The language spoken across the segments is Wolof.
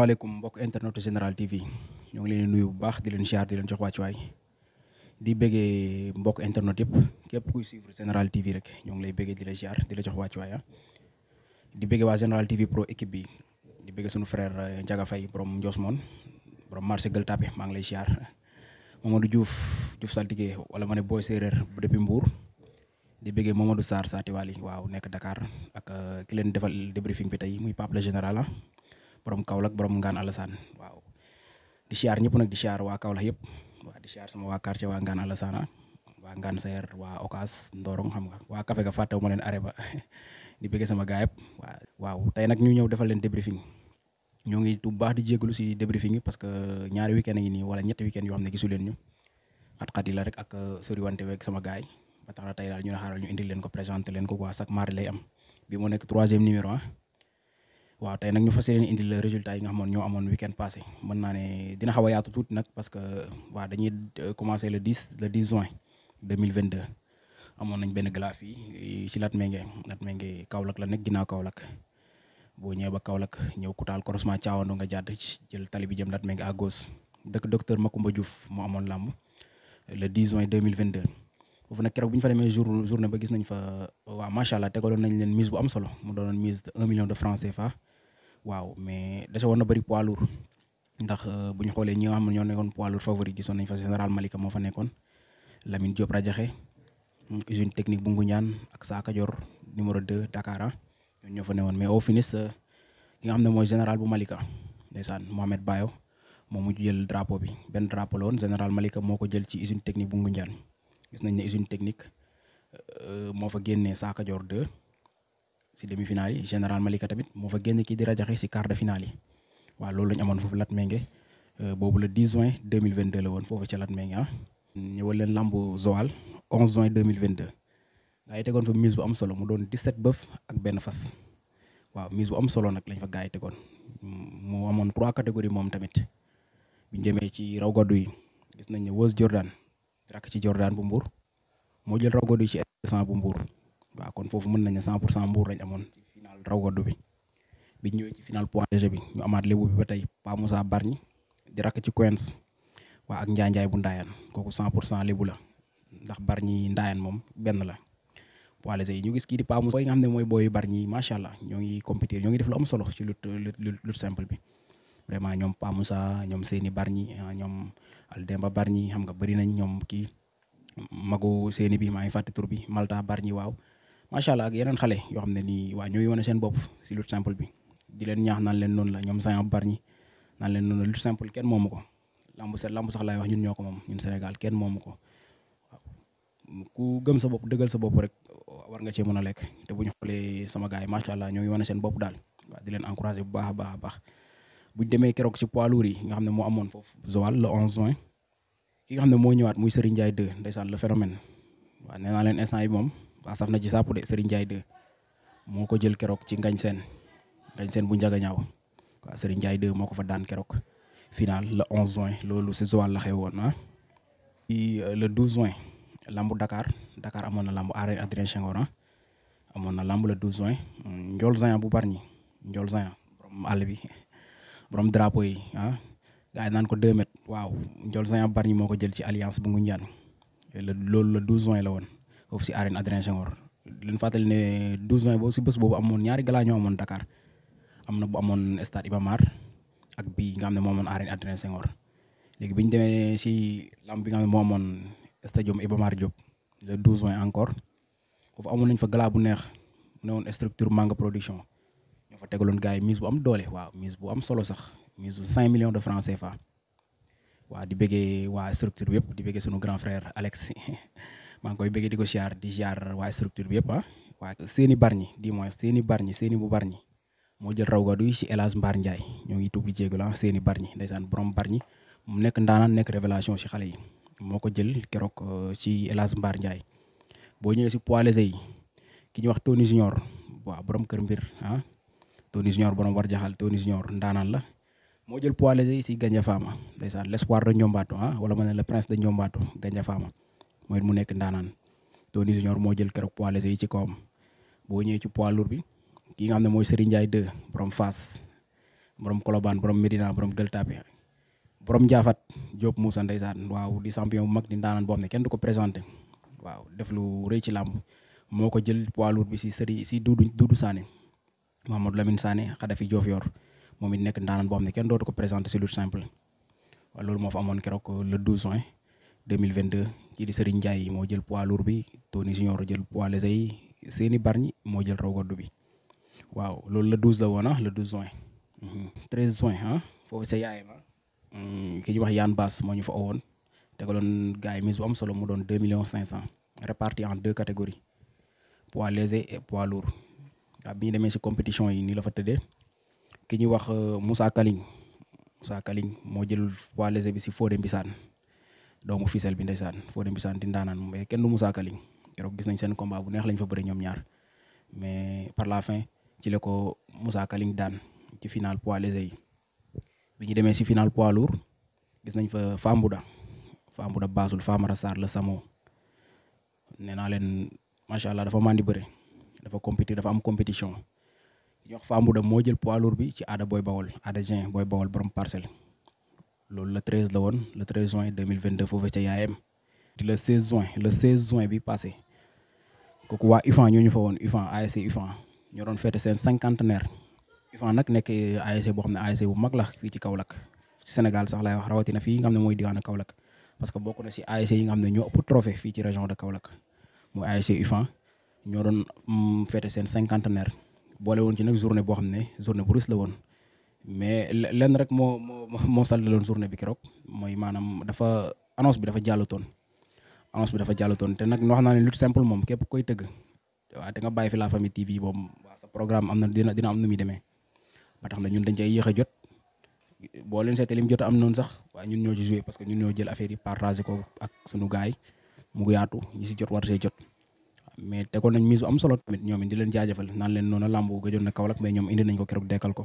asalaamaaleykum bok internet general TV ñu ngi leen nuyu bu baax di leen siyaar di leen jox way di bëggé mbokk internet yëpp képp kuy suivre general TV rek ñu ngi lay bëggé di la siyaar di la jox way ah. di bëggé wa general TV pro équipe bi di bëggé suñu frère jaga euh, fay borom ndios mon borom marché Gueule Tapée maa ngi lay siyaar Mamadou Diouf Diouf Saltigué wala mané Boy Séeréer bu depuis Mbour di bëggee Mamadou sati wali waaw nekk Dakar ak euh, ki leen defal débriefing bi tay muy Pape le général ah borom Kaolack borom ngan alasan waaw di siyaar ñep nak di siyaar waa Kaolack yep wa di siyaar sama wa quartier wa ngan alasan wa ngan ser wa Okas Ndorong xam nga wa cafe ga fàttewu ma leen areba di bëgg sama gaay yep waaw tay udah ñu ñew defal len debriefing ñu ngi tu baax di jéggulu si debriefing yi parce que ñaari week-end ngi nii wala ñetti week-end yoo xam gisu len ñu xat-xat la rek ak wante wek sama gaay ba tax na tay dal ñu ne xaaral ñu indi len ko présenté len ko quoi chaque mardi lay am bi troisième numéro ah. waaw tey nag ñu fas yéene indi le résultat yi nga xamoon ñoo amoon weekend passé mën naa ne dina xaw a yaatu tuuti nag parce que waaw dañuy euh, commencé le 10 le 10 juin 2022 amoon nañ benn gala fii euh, ci lat mengé Kaolack la nekk ginnaaw Kaolack boo ñëwee ba Kaolack ñëw Koutal croisement Thiawando nga jàdd jël tali bi jëm lat mengé à gauche dëkk docteur Macoumba Diouf moo amoon làmb le 10 juin 2022 foofu nag keroog bi ñu fa demee jour journée ba gis nañ fa waaw macha allah tegaloon nañ leen mise bu am solo mu doonoon mise de 1 million de francs CFA waaw mais dese woon na bëri poids ndax euh, bu ñu xoolee ñi nga xam ne ñoo nekkoon poids lourd favori gisoon nañ fa général Malika moo fa nekkoon Lamine Diop Rajaxe usine technique bu Ngoundiane ak Saaka Dior numéro 2 Dakar fa newoon mais au finish euh, ki nga xam ne mooy général bu Malika ndeysaan Mohamed Bayo moom mu jël drapeau bi benn drapeau la woon général Malika moo ko jël ci usine technique bu Ngoundiane gis nañ ne usine technique euh, moo fa génnee Saaka Dior si demi finale yi général Malika tamit moo fa génn kii di rajaxe si quart de finale yi waaw loolu la ñu amoon foofu Latmingué euh, boobu le 10 juin 2022 la woon foofu ca Latmingué ah. ñëwal leen lambu Joal 11 juin 2022 gaa yi tegoon fa mise bu am solo mu doon 17 bëf ak benn fas waaw mise bu am solo nag lañ fa gaa yi tegoon mu amoon trois catégories moom tamit bu ñu demee ci raw gaddu yi gis nañ ne Wos Jordan rakk ci Jordan bu mbuur moo jël raw gaddu yi ci instant bu Mbour. waaw kon foofu mën nañ 100 pour cent mbuur lañ amoon ci final raw gaddu bi biñ ñëwee ci final point léger bi ñu amaat lébu bi ba tey Pa Moussa Bargny di rakk ci Queens waa ak Njaanjaay bu Ndaayaan kooku 100 pour cent lébu la ndax Bargny Ndaayaan moom benn la point yi ñu gis kii di Pa Moussa booy nga xam ne mooy booy Bargny macha allah ñoo ngi compétir ñoo ngi def lu am solo ci lutte lutte simple bi vraiment ñoom Pa Moussa ñoom Seyni Bargny ah, ñoom Aldemba Bargny xam nga bëri nañ ñoom kii magu Seyni bi maa ngi fàtte tur bi Malta Bargny waaw macha allah ak yeneen xale yoo xam ne nii waa ñooy wane seen bopp si lutte simple bi di leen ñaax naan leen noonu la ñoom saa bar ñi naan leen noonu la lutte simple kenn moomu ko lamb sa lamb sax laay wax ñun ñoo ko moom ñun Sénégal kenn moomu ko ku gëm sa bopp dëggal sa bopp rek war nga cee mën a lekk te bu ñu xoolee sama gars macha allah ñoo ngi wane seen bopp daal waaw di leen encouragé bu baax a baax a baax bu ñu demee keroog ci poids yi nga xam ne moo amoon foofu Joal le 11 juin ki nga xam ne moo ñëwaat muy Serigne Ndiaye 2 ndeysaan le phénomène waaw nee naa leen instant yi moom waa saf na ci sàpp de Serigne Ndiaye moo ko jël keroog ci ngañ seen seen bu njaga ñaaw waaw Serigne moo ko fa daan keroog final le 11 juin loolu si Joal la xewoon ah. Euh, le 12 juin lambu Dakar Dakar amoon na lambu arène Adrien ah. amoon na lambu le 12 juin Ndiol Zayan bu bari ñi Ndiol Zayan borom àll bi borom drapeau yi ah gars yi naan ko 2 mètres waaw Ndiol bu bar ñi moo ko jël ci alliance bu Ngoundiane loolu le 12 juin la woon. foofu si arène Adrien Senghor leen fàttali ne 12 juin boobu si bés boobu amoon ñaari gala ñoo amoon Dakar am na bu amoon stade Iba Mar ak bi nga xam ne moo amoon arène Adrien Senghor léegi bi ñu demee si lamb bi moo amoon stadium Iba Mar Diop le 12 juin encore foofu amoon nañ fa gala bu neex mu ne woon structure Manga Production ñoo fa tegaloon gars yi mise bu am doole waaw mise bu am solo sax mise bu 5 millions de francs CFA waaw di bëggee waa structure bi yëpp di bëggee sunu grand frère Alex. maa ngi koy bëggee di ko siyaar di siyaar waa structure bi yëpp ah seeni barñi di moins seeni barñi seeni bu barñi moo jël raw gadu si El Hadj Mbar ñoo ngi tuub di jégalu ah seeni barñi ndeysaan borom barñi mu nekk ndaanaan nekk révélation si xale yi moo ko jël keroog euh, ci El Hadj boo ñëwee si poids légers yi ki ñuy wax Tony Junior waaw borom kër mbir ah Tony Junior borom war jaxal Tony Junior ndaanaan la moo jël poids légers si Gandia Fama ndeysaan l' espoir de Ndiombato ah, wala ma ne le prince de Ndiombato Gandia Fama mooy mu nekk ndaanaan Tony Junior moo jël keroog poids léger yi ci kawam boo ñëwee ci poids lourd bi ki nga xam ne mooy Serigne Ndiaye 2 borom Fass borom Colobane borom Medina borom Gueule Tapée borom Ndiaffate Diop Moussa ndeysaan waaw di champion bu mag di ndaanaan boo xam ne kenn du ko présenté waaw def lu rëy ci làmb moo ko jël poids bi si Serigne si Doudou Doudou Sané Mamadou Lamine Sané Xadafi Diofior moom it nekk ndaanaan boo kenn dootu ko présenté si lutte simple waaw loolu moo fa amoon keroog le 12 juin. 2022 kii di Serigne Ndiaye mo jël poids lourd bi Tony Junior jël poids léger yi Séni Bargny moo jël raw bi waaw lolou le 12 la wona ah, le 12 juin. 13 mhm. juin hein ah, fofu sa yaay ah. ma mm, ki ñuy wax Yann Bass moo ñu fa owoon tegaloon gars yi mise bu am solo mu don 2 millions 500 réparti en deux catégories poids léger et poids lourd waaw bi ñu demee si compétition yi ni la fa tëddee ki ñuy wax euh, Moussa Kaling Moussa Kaling mo jël poids léger bi ci Fodé Mbissane. doomu Fissel bi ndeysaan Fodé Mbissane di ndaanaan mais kenn du Moussa Kaliñ keroog gis nañ seen combat bu neex lañ fa bëri ñoom ñaar mais par la fin ci la ko Moussa Kaliñ daan ci final poids léger yi bi ñu demee si final poids lourd gis nañ fa Fambuda Fambuda Basul Famara Sarr la Samo nee naa leen macha allah dafa mandi bëre dafa compétir dafa am compétition ñox Fambuda moo jël poids lourd bi ci aada booy bawol aada Jean booy bawol borom parcelle. loolu le 13 la won le 13 juin 2022 fofé ci yaayam di le 16 juin le 16 juin bi passé kooku waa IFAN ñoo ñu fa won IFAN ASC IFAN ñoo doon fête seen cinquantenaire IFAN nak nek ASC bo xamné ne ASC bu mag la fi ci Kaolack ci Sénégal sax lay wax rawati na fi nga xamné moy diwana Kaolack parce que bokku na ci ASC yi nga xamné ñoo ëpp trophée fi ci région de Kaolack moy ASC IFAN ñoo doon mm, fête seen cinquantenaire boole won ci nak journée bo xamné journée bu rus la won mais lenn rek moo moo moo sàllaloon journée bi keroog mooy maanaam dafa annonce bi dafa jàllatoon annonce bi dafa jàllatoon te nag wax naa ne lu simple moom képp koy tëgg waaw te nga bàyyi fi la famille TV boobu waa sa programme am na am nu muy demee ba na ñun dañ cay yéex jot boo leen seetee lim jot am noonu sax waaye ñun ñoo ci joué parce que ñun ñoo jël affaire yi partagé ko ak sunu gaay mu yaatu ñi si jot war see jot. mais tegoon nañ mise am solo ñoom it leen jaajëfal naan leen noonu làmb gëjoon na ñoom indi nañ ko keroog dekkal ko.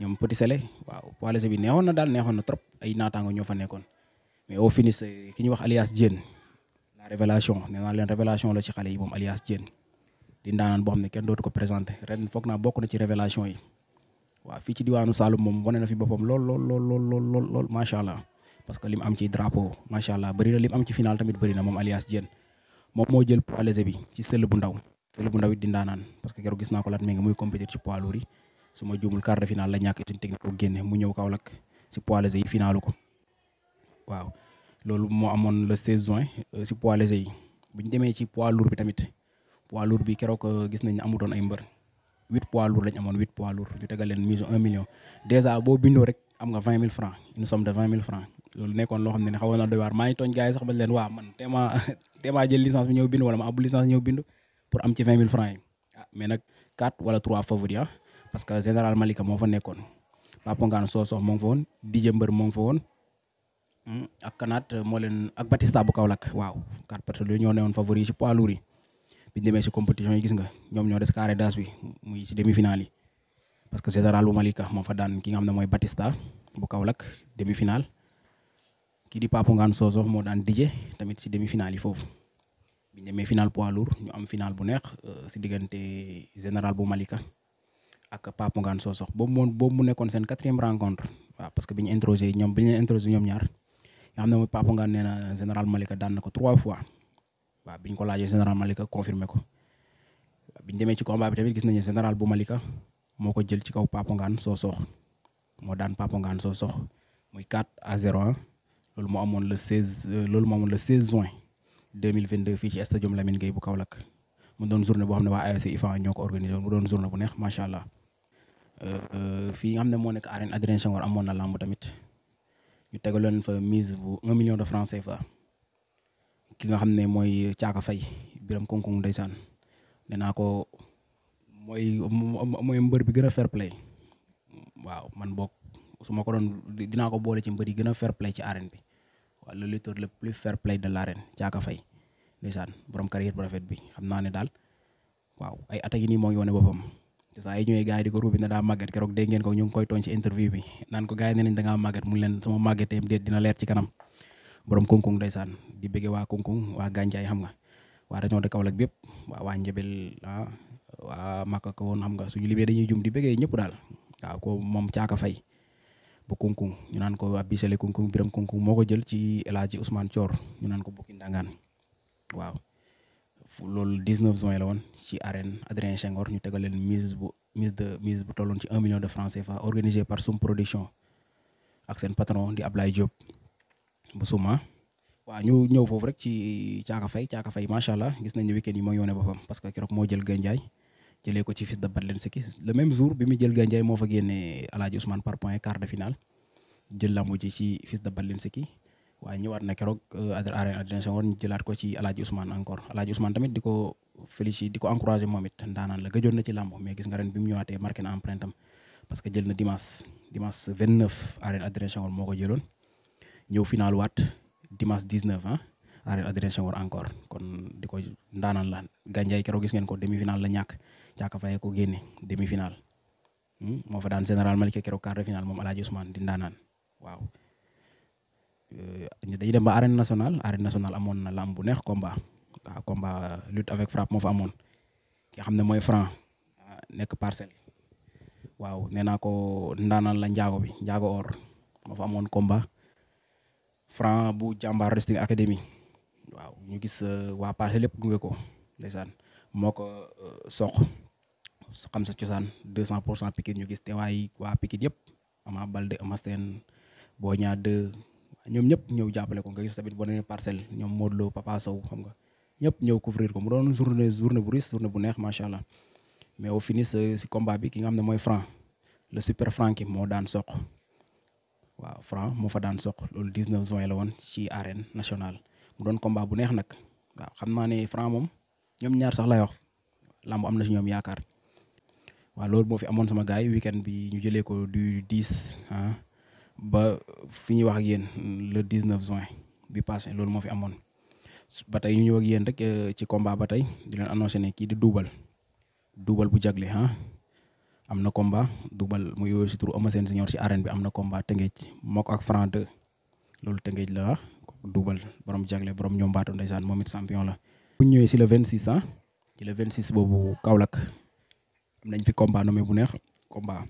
ñom petit sele waaw poilese bi neexoon na dal neexoon na trop ay naataango ñoo fa nekkoon mais au finish eh, ki ñu wax alias jeen la révélation né na len révélation la ci xalé yi moom alias jeen di ndanan bo xamné ne kenn dootu ko présenter ren fokk na bokku na ci révélation yi wa fi ci diwanu salu mom woné na fi bopam lol lol lol lol lol lol lol machallah parce que lim am ci drapeau machallah bari na lim am ci final tamit beri na mom alias jeen mom mo jël poids bi ci stëll bu ndaw stëll bu ndaw di ndanan parce que kéro gis na ko lat mi ngi muy compétir ci poids lourd su ma juumul quart de finale la ñàkk Usine Technique ko génne mu ñëw Kaolack si poids légers yi finaalu ko waaw loolu moo amoon le 16 juin si euh, poids légers yi bu ñu demee ci poids lourd bi tamit poids lourd bi keroog euh, gis nañ amutoon ay mbër huit poids lourd lañ amoon huit poids lourd ñu tegal leen mise un million dèjà boo bindoo rek am nga vingt mille francs une somme de vingt mille francs loolu nekkoon loo xam ne ne xawoon na doy waar maa ngi tooñ gars yi sax ba leen waa man téema téema jël licence bi ñëw bind wala ma abbu licence ñëw bind pour am ci vingt mille francs yi ah mais nag quatre wala trois favoris ah. parce que général Malika moo fa nekkoon Papa Ngaan Sosox moo fa woon Dijé Mbër moo ngi fa woon hmm, ak kanaat moo leen ak Batista bu Kaolack waaw quatre personnes yooyu ñoo newoon favori ci demee ci compétition yi gis nga ñoom ñoo des carré d'as bi muy ci demi-finale parce que général bu Malika moo fa daan ki nga xam ne mooy Batista bu Kaolack demi final kii di Papa Ngaan Sosox moo daan Dijé tamit ci demi-finale yi foofu. biñ demee final poids lourd ñu am final bu neex si euh, diggante général bu Malika. ak Pape Ngane Sosox boobu moom boobu mu nekkoon seen quatrième rencontre waaw parce que bi ñu introsé ñoom bi ñu leen introsé ñoom ñaar nga xam ne mooy Pape Ngane général Malika daan na ko trois fois waaw bi ñu ko laajee général Malika confirmé ko bi demee ci combat bi tamit gis nañu général bu Malika moo ko jël ci kaw Pape Ngane Sosox moo daan Pape Ngane Sosox muy 4 à 0 loolu moo amoon le 16 loolu moo amoon le 16 juin 2022 fii ci stadium bu Kaolack mu doon journée boo xam ne waa ASC IFAN ñoo ko organisé mu doon Euh, fii nga xam ne moo nekk arène Adrien Senghor amoon na làmb tamit ñu tegaloon fa mise bu un million de francs CFA ki nga xam ne mooy caaka fay biram konkong ndeysaan nee naa ko mooy mooy mbër bi gën a fair play waaw man boog su ma ko doon dinaa ko boole ci mbër yi gën a fair play ci arène bi waaw le lutteur le plus fair play de l'arène caaka fay ndeysaan borom carrière bu rafet bi xam naa ne daal waaw ay attaques yi nii moo ngi wane boppam saa yi ñëwee gars di ko ruubi na daa màgget keroog dégg ngeen ko ñu koy tooñ ci interview bi naan ko gars yi ne nañ da ngaa mu leen sama màggeteem déet dina leer ci kanam borom kunkung ndeysaan di bëgge waa kunkung waa gàncaay xam nga waa région de Kaolack bi yëpp waa waa njëbel ah waa Maka xam nga suñu limee dañuy jum di bëggee ñëpp daal waaw ko moom caaka fay bu kunkung ñu naan ko abisele kunkung biram kunkung moo ko jël ci El Hadji Ousmane ñu naan ko bukki ndangaan loolu 19 juin la woon ci arène Adrien Senghor ñu tegal leen mise bu mise bu tolloon ci 1 million de francs CFA organisé par Soum production ak seen patron di Ablaye Diop bu Souma. waaw ñu ñëw foofu rek ci Caaka Fay Caaka Fay macha allah gis nañu week-end yi moo yoone boppam parce que keroog moo jël Gandiaye jëlee ko ci fils de Badlen Siki le même jour bi mu jël Gandiaye moo fa génnee El Hadj Ousmane par point quart de finale jël lambu ji ci fils de Badlen Siki. waaye ñëwaat na keroog euh, arène Adrien Senghor jëlaat ko ci Alaaji Ousmane encore Alaaji Ousmane tamit di ko félicité di ko encouragé moom it ndaanaan la gëjoon na ci làmb mais gis nga ren bi mu ñëwaatee marqué na empreinte am parce que jël na dimanche dimanche 29 arène Adrien moo ko jëloon ñëw final waat dimanche 19 ah arène Adrien encore kon di ko ndaanaan la gànjaay keroog gis ngeen ko demi final la ñàkk caaka faye ko génne demi final hmm, moo fa daan général Malika keroog quart de final moom Alaaji Ousmane di ndaanaan dañuy dem ba arène nationale arène nationale amoon na lamb bu neex combat waaw combat lutte avec frappe moo fa amoon ki xam ne mooy franc ah, nekk parcelle waaw nee naa ko la njaago bi njaago or moo fa amoon combat franc bu jàmbaar wrestling academy waaw ñu gis eh, waa parcelle lépp gunge ko ndeysaan moo ko eh, soq xam sa cosaan 200 cent pour cent ñu gis teewaay waa Pikine yëpp Ama balde Ama Sène Boy ñoom ñëpp ñëw jàppale ko nga gis tamit boo demee parcelle ñoom Modou Lo Papa Sow xam nga ñëpp mu doon journée journée journée bu neex macha allah mais au finish euh, si combat bi ki nga xam ne mooy Franc le super Franc ki moo daan soq waaw Franc moo fa daan soq loolu 19 juin la woon ci arène national mu doon combat bu neex nag waaw xam naa ne Franc moom ñoom ñaar sax lay wax làmb am na si ñoom yaakaar waaw loolu moo fi amoon sama gars yi weekend bi ñu jëlee ko du 10 ba fi ñuy wax ak yéen le 19 juin bi passé loolu moo fi amoon ba tey ñu ñëw yéen rek euh, ci combat ba tey di leen annoncé ne kii di duubal duubal bu jagle ah am na combat duubal mu yooyu si turu Eumeu Sène Junior si arène bi am na combat tëngeej mokk ak Franc 2 loolu tëngeej la ah. duubal borom jagle borom ñoom baatu ndeysaan moom it la. bu ñëwee si le 26 ah ci le 26 boobu Kaolack am nañ fi combat nommé bu neex combat.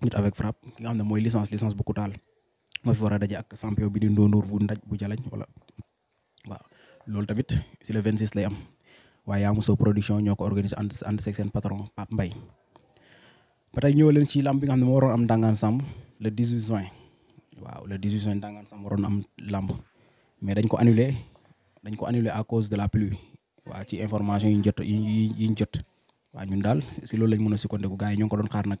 lutte avec frappe nga xamne moy licence licence bu Koutal moo fi wara a ak champion bi di ndóondoor bu ndaj bu jalañ wala waaw loolu tamit ci le 26 lay am waaye yaa mosoo production ñoko organiser and ànd ànd seeg patron pap mbay batay tey leen ci lamb nga xamne mo moo am dangan sam le 18 juin waaw le 18 juin dangan sam waroon am lamb mais dañ ko annuler dañ ko annuler à cause de la pluie wa ci information yi ñu jot yi ñu jot waaw ñun dal ci lolou lañ mëna a sukkandiku gars yi ñoo ngi ko doon xaar nak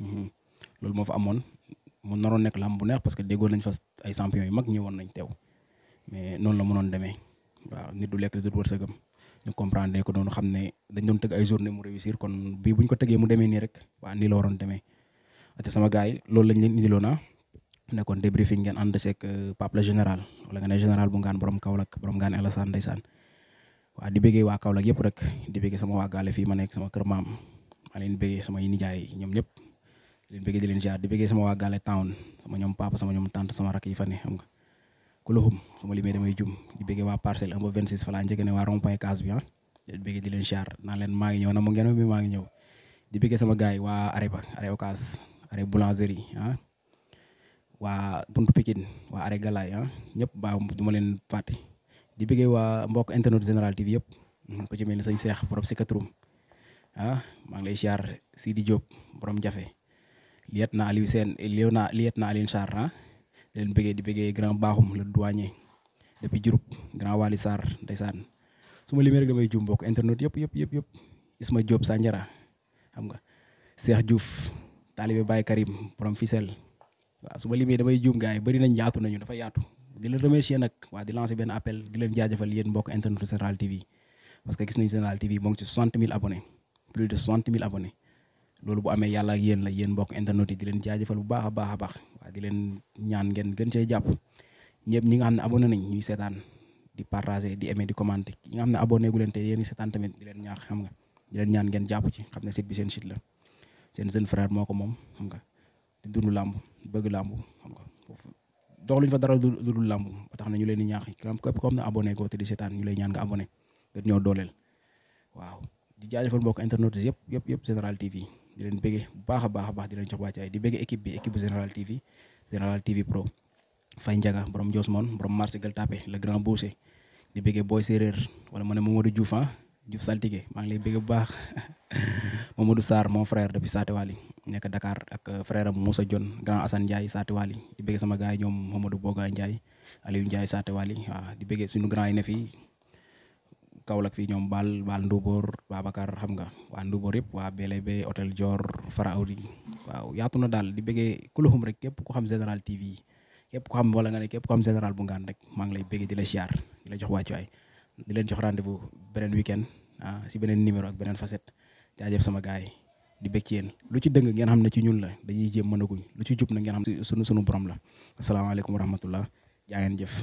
Mhm. loolu moo fa amoon mu naroon na làmb bu neex parce que déggoon nañ fa ay champion yu mag ñëwoon nañ teew mais noonu la mënoon demee waaw nit du lekk du wërsëgam ñu comprendre ko doon xam ne dañ doon tëgg ay journée mu réussir kon bii bu ko tëggee mu demee nii rek waaw nii la waroon demee. ate sama gars yi loolu lañ di indiloon ah nekkoon débriefing ngeen ànd seeg euh, Pape la général wala nga ne général bu ngaan borom Kaolack borom ngaan Alassane ndeysaan waaw di bëggee waa Kaolack yëpp rek di bëggee sama waa gaale fii ma nekk sama kër maam maa leen bëggee samay nijaay ñoom ñëpp. di bëgg di leen jaar di bëggee sama waa Gale Town sama ñoom papa sama ñoom tante sama rakk yi fa ne xam nga ku lu luxum sama limee damay jum di bëggee waa parcelle 1 ba 26 fa laa njëkk ne waa rond point case bi ah di leen bëggee di leen jaar naa leen maa ngi ñëw na mu ngeen mi maa ngi ñëw di bëggee sama gaay yi waa Areba Are Okas Are Boulangerie ah ya. waa Buntu Pikine waa Are Galaye ya. ah ñëpp baa um, du ma leen fàtte di bëggee waa mbokk internet Général TV yëpp hmm, ko ci mel ni sëñ Seex borom sikatrum katrum ya, ah maa ngi lay ziar Sidi Diop borom jafe liet na Aliou Sène liona liet na Aline Sarr ah. di leen bëggee di bëggee grand baaxum le douanier depuis Diouroup grand Wali Sarr ndeysaan su ma rek damay jum bokk internet yëpp yëpp yëpp yëpp Isma job Sanjara xam nga Cheikh Diouf taalibe Baye Karim borom Ficelle waaw su ma limee damay juum gars yi bëri nañ yaatu nañu dafa yaatu di leen remercier nag waa di lancer benn appel di leen jaajëfal yéen mbokk internet Général TV parce que gis nañ Général TV moo ngi ci 60 abonnés plus de 60 abonnés loolu bu amé yalla ak yeen la yeen bok internet yi di len jaajeufal bu baax a baax wa di len ñaan ngeen gën cee japp ñepp ñi nga xamne abonné nañ ñuy sétane di partager di aimer di commenter ñi nga xamne abonné gu leen te yéen sétane tamit di len ñaax xam nga di len ñaan ngeen japp ci xamne ne bi seen shit la seen jeune frère moko mom xam nga di dundu lamb bëgg lamb xam nga foofu dox luñ fa dara du du lamb ba tax na ñu leen di ñaax képp ko ko ne abonné ko té di sétane ñu lay ñaan nga abonné dañ ñoo dolel waaw di jaajeufal mbokk internet yep yep yep Général TV di leen bëggee bu baax a baax a baax di leen jox wàcc ay di bëggee équipe bi équipe bu Général TV Général TV Pro Faye Ndiaga borom Jos Mon borom marché Gueule Tapée le grand boucher di bëggee Boy Séeréer wala ma ne Mamadou Diouf ah Diouf Saltigué maa ngi lay bëggee bu baax Mamadou Sarr mon frère depuis Saate Wali nekk Dakar ak euh, frère am Moussa Dione grand Assane Ndiaye Saate Wali di bëggee sama gars yi du Mamadou Boga Ndiaye Aliou Ndiaye Saate Wali waaw di bëggee suñu grand yi ne fii Kaolack fii ñoom Baal Baal Nduboor Babacar xam nga waa Nduboor yëpp waa Bélé Bé hôtel Dior Fara Audi waaw yaatu na daal di bëggee kuluxum rek képp ku xam Général TV képp ku xam wala nga ne képp ku xam Général bu ngaan rek maa ngi lay bëggee di la siyaar di la jox wàccuwaay di leen jox rendez-vous beneen week-end ah si beneen numéro ak beneen facette jaajëf sama gars yi di bëgg ci yéen lu ci dëng ngeen xam ne ci ñun la dañuy jéem mënaguñ lu ci jub na ngeen xam sunu sunu borom la asalaamaaleykum wa rahmatullah jaa ngeen jëf